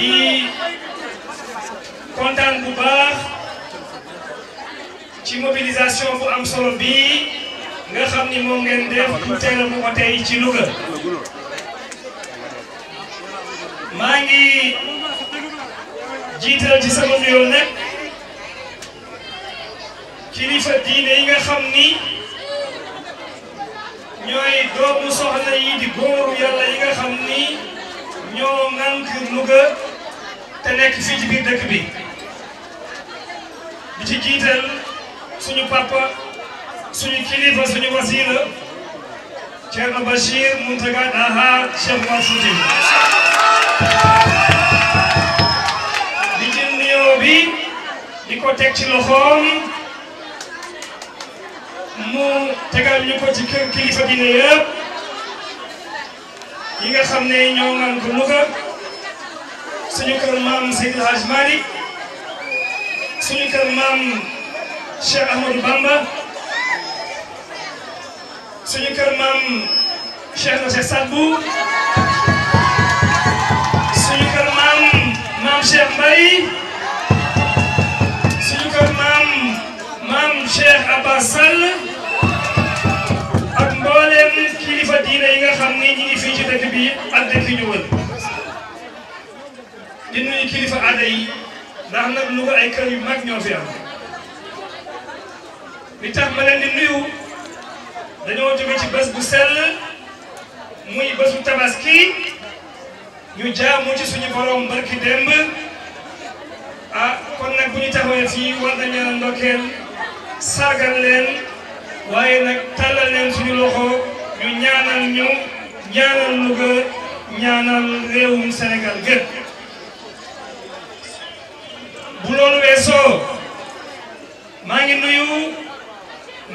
di kontaan bu baax ci mobilisation bu am solo bii nga xam ni moom ngeen def pour teel bu ko tey ci Louga maa ngi jiital ci sama nuyoo nag kilifa yi nga xam ni ñooy doomu soxna yi di góoru yàlla yi nga xam ni ñoo ŋànk Louga te nekk fii ci biir dëkk bi di ci jiital suñu papa suñu kilifa suñu o Thierno Bachir Mountaga Daha Cheikh Oumar o di jël nuyoo bi di ko teg ci loxoom mu tegal ñu ko ci kër kilifa que ne yëpp yi nga xam ne ñoo ngan ko Louga suñu kër maam Seydi El Hadj maam Cheikh Ahmadou Bamba suñu maam Cheikh Nassir Sadbou maam maam Cheikh Mbaye suñu maam maam Cheikh Abbas Sall ak mboolem kilifa diine yi nga xam ni aada yi ndax nag lu ay kër yu mag ñoo fi am li tax ma leen di nuyu dañoo jóge ci bés bu sell muy bésu tabaski ñu jaamu ci suñu borom barki démb ah kon nag bu ñu taxawee fii war nañ ndokkeel sargal leen waaye nag tàllal leen suñu loxo ñu ñaanal ñu ñaanal Louga ñaanal réewum Sénégal gëpp bu loolu weesoo maa ngi nuyu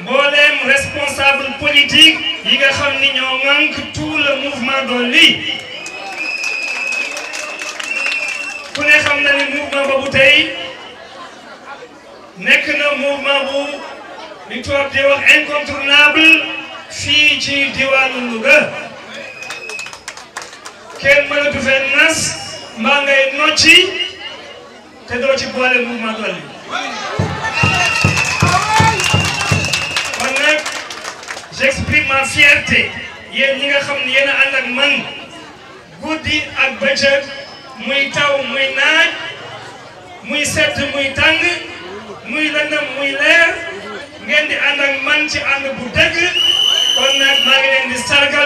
mbooleem responsable politique yi nga xam ni ñoo ŋànk tout le mouvement Dolli ku ne xam na ni mouvement boobu tey nekk na mouvement bu li di wax incontournable fii ci diwaanu Louga kenn mënatu fee mbaa ngay nocci c'est de l'autre côté pour aller kon nag j'exprime ma fierté yéen ñi nga un ne yéen a ak man guddi ak bëccëg muy taw muy naaj muy sedd muy tàng muy lëndëm muy leer ngeen di ànd ak man ci un bu dëgg kon nag maa ngi di sargal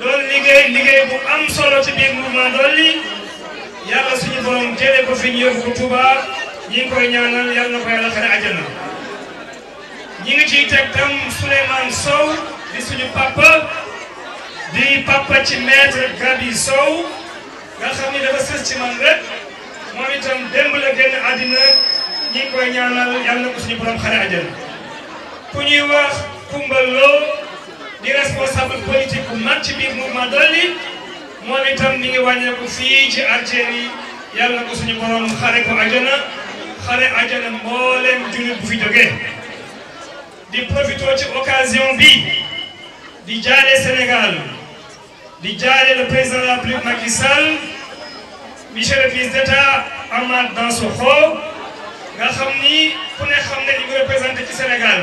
doon liggéey liggéey bu am solo ci biir mouvement Dolli yàlla suñu borom jëlee ko fi ñu yóbbu ko Touba ñi ngi koy ñaanal yàlla na ko yàlla xare àjjana ñi ngi ciy teg tam Souleymane Sow di suñu papa di papa ci maître Gabi Sow nga xam ni dafa sës ci man rek moom itam démb la génn àddina ñi koy ñaanal yàlla na suñu borom xare àjjana ku ñuy wax Kumba Lo i responsable politique bu mag ci biir mouvement Dolli moom itam mi ngi wàññeeku fii ci Algérie yàlla ko suñu borom xare ko ajana xare ajana mbooleem jullit bu fi jógee di profité ci occasion bi di jaale Sénégal di jaale le président de la République Macky Sall monsieur le ministre d'État nga xam ni ku ne xam ne li mu représenté ci Sénégal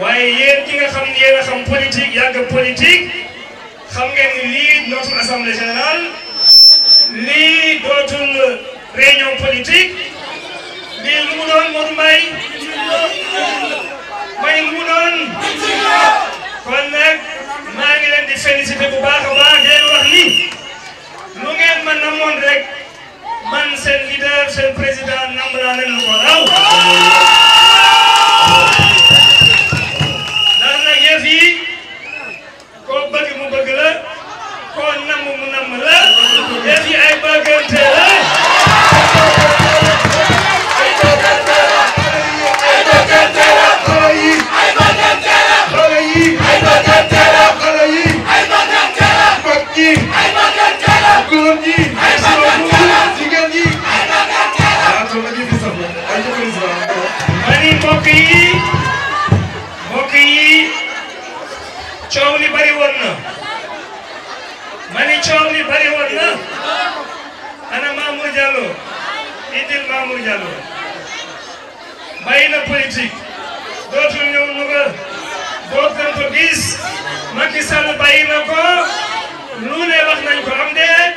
waaye yéen ki nga xam ne yéen a xam politique yàgg politique xam ngeen ni lii dootul assemblée générale lii dootul réunion politique lii lu mu doon Modou Mbaye may lu mu doon kon nag maa ngi leen di félicité bu baax a baax ngeen wax lii lu ngeen mën na moon rek man seen leader seen président nam laa leen lu ko raw Macky Sall bàyyi na ko lu ne wax nañ ko am déet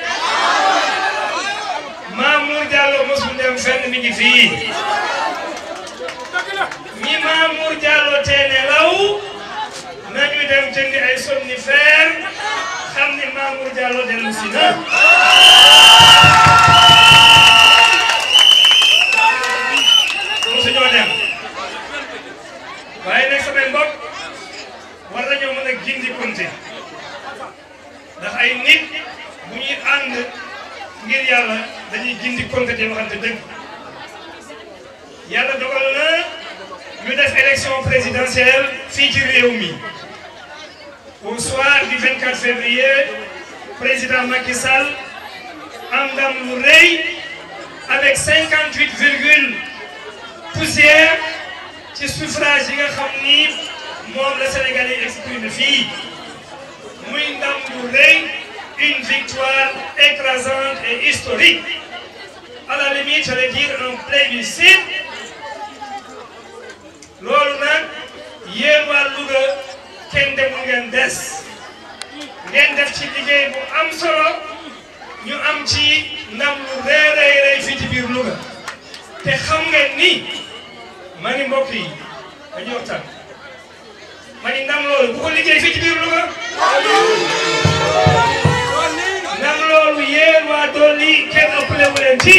Mamour Diallo mosul dem fenn mi ngi fii ñi Mamour Diallo teene law nañu dem jëndi ay somnifère xam ni Mamour Diallo dellu si na gindikunte ndax ay nit bu ñuy ànd ngir yàlla dañuy gindikunte di waxante dëgg yàlla dogal na ñu def élection présidentielle fii ci réew mi au soir du 24 février président Macky Sall am lu rëy avec 58 virgule poussière ci suffrage yi nga xam ni moom la Sénégalais yi exprimé fii muy ndam une victoire écrasante et historique à la limite j'allais dire un plébiscite loolu nag yéen waa Louga kenn demul ngeen des ngeen def ci liggéey bu am solo ñu am ci ndam lu rëy rëy rëy ci biir Louga te xam ngeen ni ma ni mbokk yi dañuy loolu bu ko liggéey fii ci biir Louga. ndax loolu yéen waa Dolli kenn ëppale wu leen ci.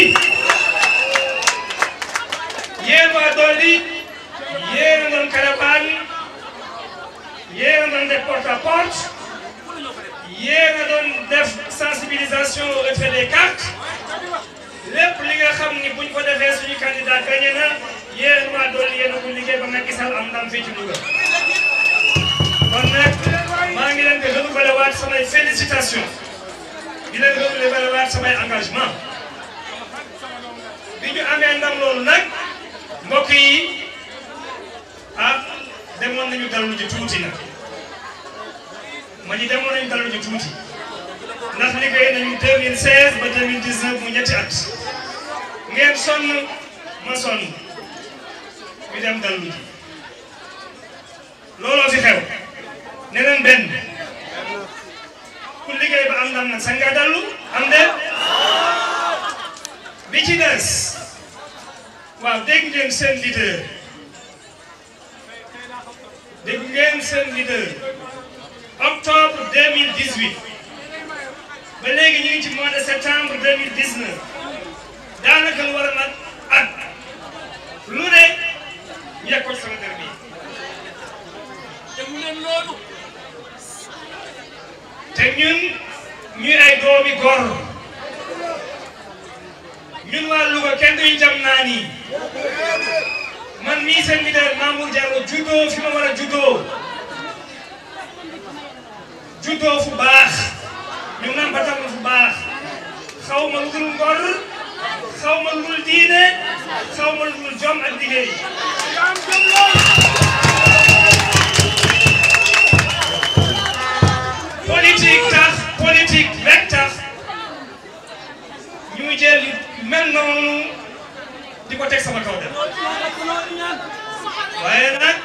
yéen waa Dolli yéen a doon caravane yéen a doon def porte à porte yéen a doon def sensibilisation au retrait des cartes lépp li nga xam ni buñ ko defee suñu candidat gagné na yéen waa Dolli yéen a ko liggéey ba Macky Sall am ndam fii ci Louga. kon nag maa ngi leen di renouveler waat samay félicitation di leen renouveler waat samay engagement bi ñu amee ndam loolu nag mbokk yi ah demoon nañu dallu ji tuuti nag ma ñu demoon nañu dallu ji tuuti ndax liggéey nañu 2016 ba 2019 mu ñetti at ngeen sonn ma sonn ñu dem dallu ji looloo fi xew ne leen ba am ndam nag nga dallu am de bi waaw dégg ngeen seen leader dégg ngeen seen leader octobre 2018 ba léegi ñu ngi ci mois de septembre 2019 daanaka lu war a mat at lu ñu yàq ko sama bi te ñun ñuy ay doomi gor ñun waa Louga kenn duñu jam naa man mii seen leader Mamour Diallo juddoo fi ma war a juddoo juddoo fu baax ñu naan ba tax fu baax xaw ma lu dul ngor ma lu diine xaw ma lu dul jom ak politique tax politique rek tax mel noonu di ko teg sama kaw dem waaye nag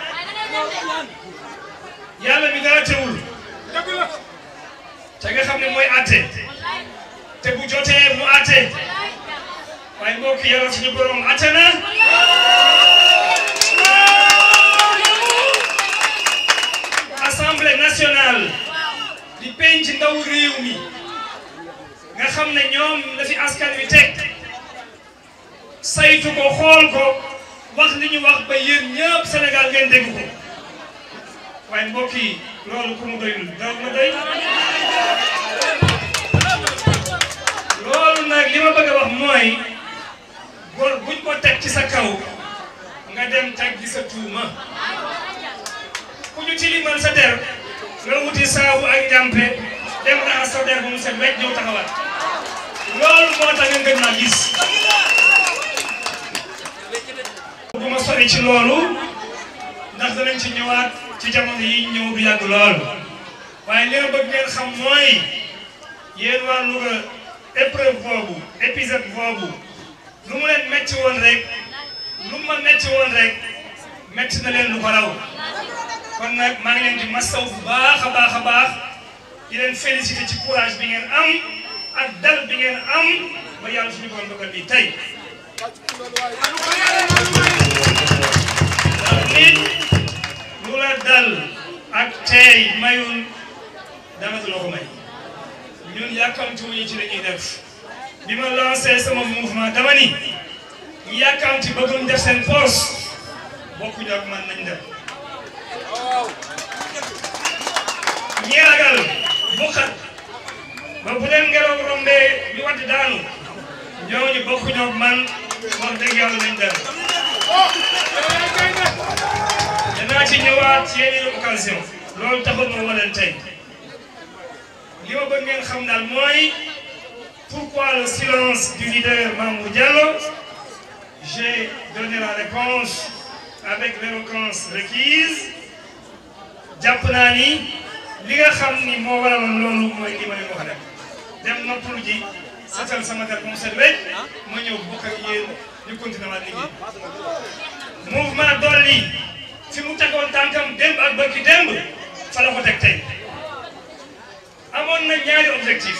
yàlla mi dara teewul te nga xam ne mooy àtte te bu jotee mu àtte waaye mbokk yàlla suñu borom àtte na assemblée nationale di penc ndaw réew mi nga xam ne ñoom la askan wi teg saytu ko xool ko wax li ñu wax ba yéen ñëpp Sénégal ngeen dégg ko waaye mbokk yi loolu ku mu doyul daw loolu nag li ma bëgg a wax mooy góor buñ ko teg ci sa kaw nga dem teg gi sa tuuma ku ñu tilimal sa der nga wuti saabu ak jàmpe dem raxas sa der ba mu set wecc ñëw taxawaat loolu moo tax ngeen gën maa gis bu ma sori ci loolu ci ñëwaat ci jamono yi ñëw du yàgg lool waaye li ma bëgg ngeen xam mooy yéen waa Louga épreuve boobu épisode boobu lu mu leen metti woon rek lu ma metti woon rek metti na leen lu ko kon nag maa ngi leen di mastaw bu baax baax baax di leen ci courage bi ngeen am ak dal bi ngeen am ba yàlla suñu borom dogal bi tey ndax nit dama du la ko may ñun yàkkamti wuñu ci lañuy def bi ma lancé sama mouvement dama ni ñu yàkkamti bëgguñ def seen force bokkuñu ak man nañ def ñi ragal bu xat ba bu leen ngelaw rombee ñu wàtti daanu bokku ñoo man wax dëgg yàlla nañ dara danaa ci ñëwaat yeneen occasion loolu taxul ma waleen tay li ma bëgg ngeen xam daal moy pourquoi le silence du leader Mamour Diallo j'ai donné la réponse avec l'éloquence requise jàpp naa ni li nga xam ni moo waraloon loolu mooy li ma leen wax rek dem noppalu ji setal sama der bu mu set wecc ma ñëw bokk ak yéen ñu continué waat liggéey mouvement Dolli fi mu tegoon tànkam démb ak barki démb fa la ko teg tey amoon na ñaari objectif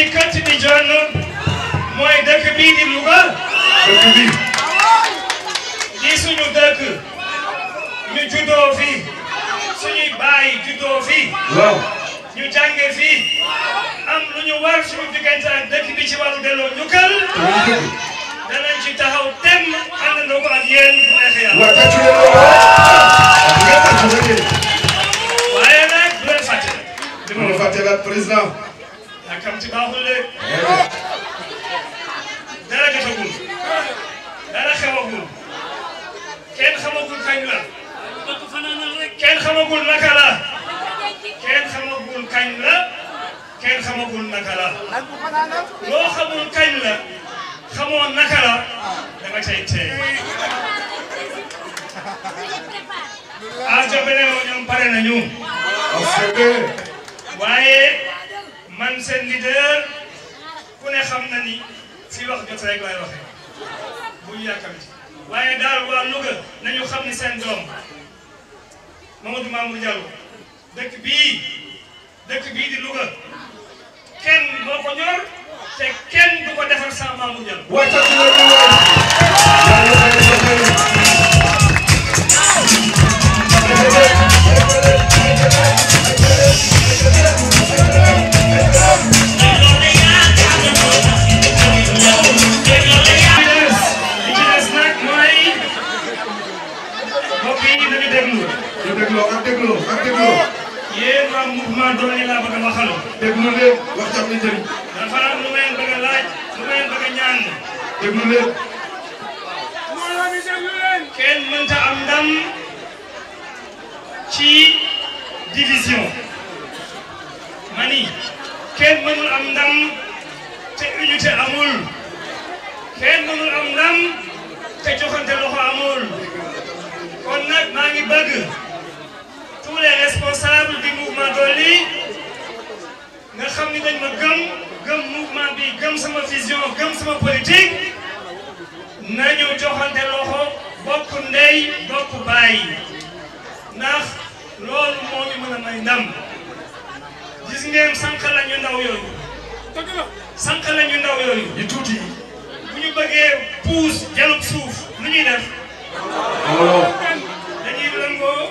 ci këtt di jonn mooy dëkk bii di Louga dëkk bi di suñu dëkk ñu juddoo fi suñuy baay juddoo fi waaw ñu jànge fi am lu ñu war suñu diggante ak dëkk bi ci wàllu delloo ñu kër danañ ci taxaw tem àndandoo ko ak yéen bu neexee yàlla waaye nag bu leen fàtte la président yàkkamti baaxul de dara jotagul dara xewagul kenn xamagul kañ la kenn xamagul naka la kenn xamagul kañ la kenn xamagul naka la loo xamul kañ la xamoo naka la danga cay tee ah jobele ñoom pare nañu waaye man sen leader ku ne xam na ni ci wax jot rek lay waxe bu ci waye dal wa nuga nañu xam ni seen doom Mamadou Mamour Diallo dekk bi dekk bi di nuga ken boko ñor te ken du ko defar sans Mamour Diallo. Thank you. man du mënta am ndam ci division. mani kenn mënul am ndam te unité amul. kenn mënul am ndam te joxante loxo amul. kon nag bëgg. tous les responsables du mouvement Dolli nga xam ni dañ ma gëm gëm mouvement bi gëm sama vision gëm sama politique nañu joxante loxo bokk ndey bokk baay ndax loolu moo ñu mën may ndam gis ngeen sànq la ndaw yooyu sànq la ñu ndaw tuuti yi puus jalub suuf lu ñuy def dañuy lëngoo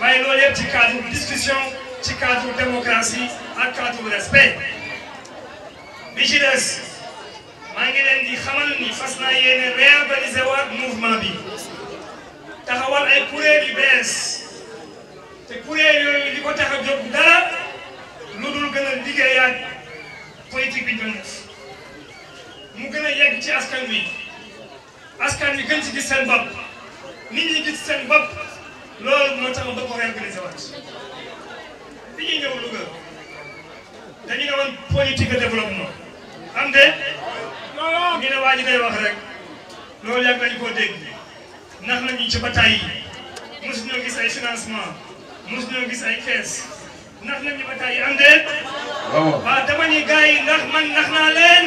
waaye loolu yëpp ci cadre discussion ci cadre démocratie ak cadre respect bi ci maa ngi leen di xamal ni fas naa yéene réorganiser waat mouvement bi taxawal ay kuréel yu bees te kuréel yooyu li ko tax a jóg dul gën a liggéeyaat politique bi doon mu gën a yegg ci askan wi askan wi gën ci gis seen bopp nit ñi gis seen bopp. loolu moo tax ba ko réorganisé waat bi ñuy ñëw Louga dañu ne woon politique de développement am de ñu ne waa ji day wax rek loolu yàgg nañu koo dégg ndax nañu ci bataay yi mosu ñoo gis ay financement mosu ñoo gis ay kees ndax nañu bataay yi am de waaw dama ni ndax man ndax naa leen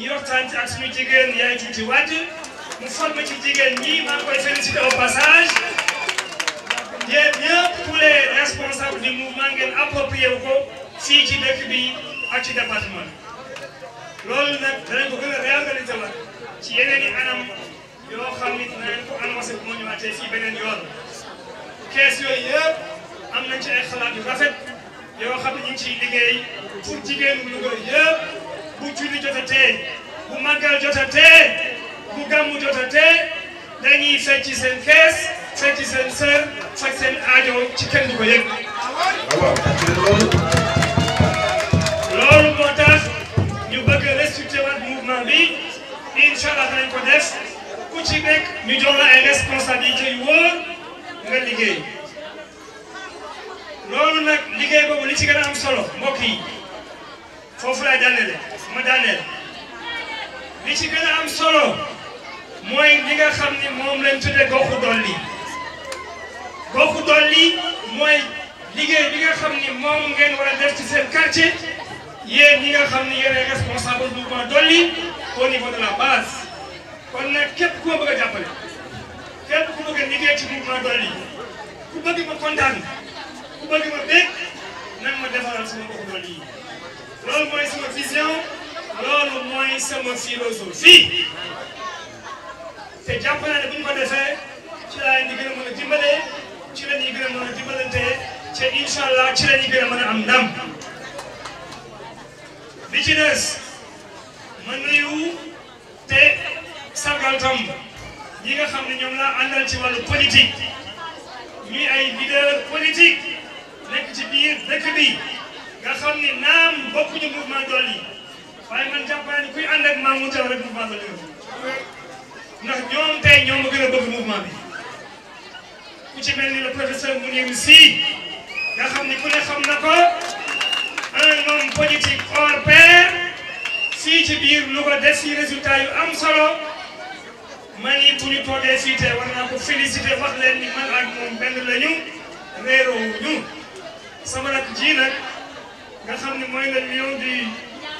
ñuy waxtaan ci ak suñu jigéen ci tuuti wàdd mu forme ci jigéen ñi maa ngi koy félicité au passage yéen ñëpp tous les responsables du mouvement ngeen approprié wu ko fii ci dëkk bi ak ci département loolu nag danañ ko gën a réorganiser waat ci yeneen i anam yoo xam ni dinañ ko annoncé bu ma ñëwaatee fii beneen yoon kees yooyu yëpp am nañ ci ay xalaat yu rafet yoo xam ne ñu ngi ciy liggéey pour jigéen Louga yëpp bu julli jotatee bu màggal jotatee bu gàmmu jotatee dañuy fecc seen kees fecc seen aajo ci kenn du ko yëg. loolu moo tax ñu bëgg a restructurer waat mouvement bi incha ci nekk ñu jox liggéey loolu nag liggéey boobu li ci gën a solo mbokk foofu laa daanele ma daaneel li ci gën a am solo mooy li nga xam ni moom lañ tuddee goxu dolli goxu dolli mooy liggéey bi nga xam ni moom ngeen war a ci seen quartier yéen ñi nga xam ni yéen ay responsable mouvement dolli au niveau de la base kon nag képp ku ma a jàppale képp ku bëgg a liggéey ci mouvement dolli ku bëgg ma kontaan. mooy sama philosophie te jàpp naa ne bu ñu ko gën a mën a dimbalee ci la ñuy gën a mën a te incha ci la ñuy gën a mën am ndam li ci te sargal tam ñi nga ñoom laa àndal ci wàllu politique ñuy ay leader politique nekk ci biir dëkk bi nga xam naam bokkuñu mouvement Dolli waaye man jàpp naa ne kuy ànd ak Mamour Thiaw rek mouvement Sàmm bëgg mouvement bi ku ci mel ni le professeur Mounirou Sy nga xam ni ku ne xam na ko un homme politique hors pair fii ci biir lu ko résultat yu am solo man yi bu ñu fii tey war naa ko féliciter wax leen ni man moom benn la ñu ñu sama rak nag nga xam ni mooy la lion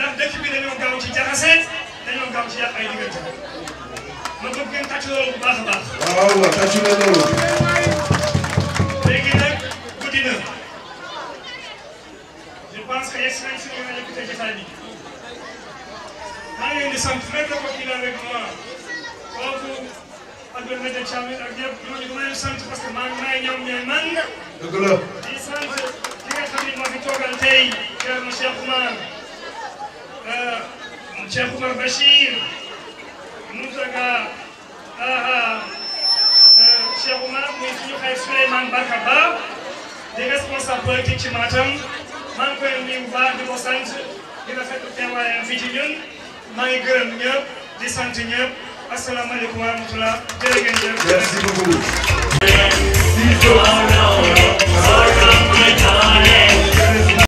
ndax dëkk bi dañoo gaaw ci jaxase dañoo gaaw ci yàq ay diggante ma bëgg ngeen tàcc loolu bu baax a baax. waaw waaw tàcc na loolu. léegi nag guddi na je pense que yegg si nañ suñu rajo bi te jotaay bi maa ngi leen di sant même ko kii avec moi kooku ak le météo Thiamène ak ñëpp ñooñu maa ngi sant parce que maa ngi may ñoom ñooy man. dëgg la di sant ki nga xam ne moo fi toogal tey Cheikh Oumar. Euh, Cheikh Oumar Bachir Mountaga ah, ah. euh, Cheikh Oumar muy suñu xay Souleymane Barka Ba di responsable politique ci Matam maa ngi koy nuyu bu baax di ko sant di rafetlu teewaayam fii ci ñun maa ngi gërëm ñëpp di sant ñëpp asalaamaaleykum wa rahmatulah jërë ngeen jëf. merci beaucoup.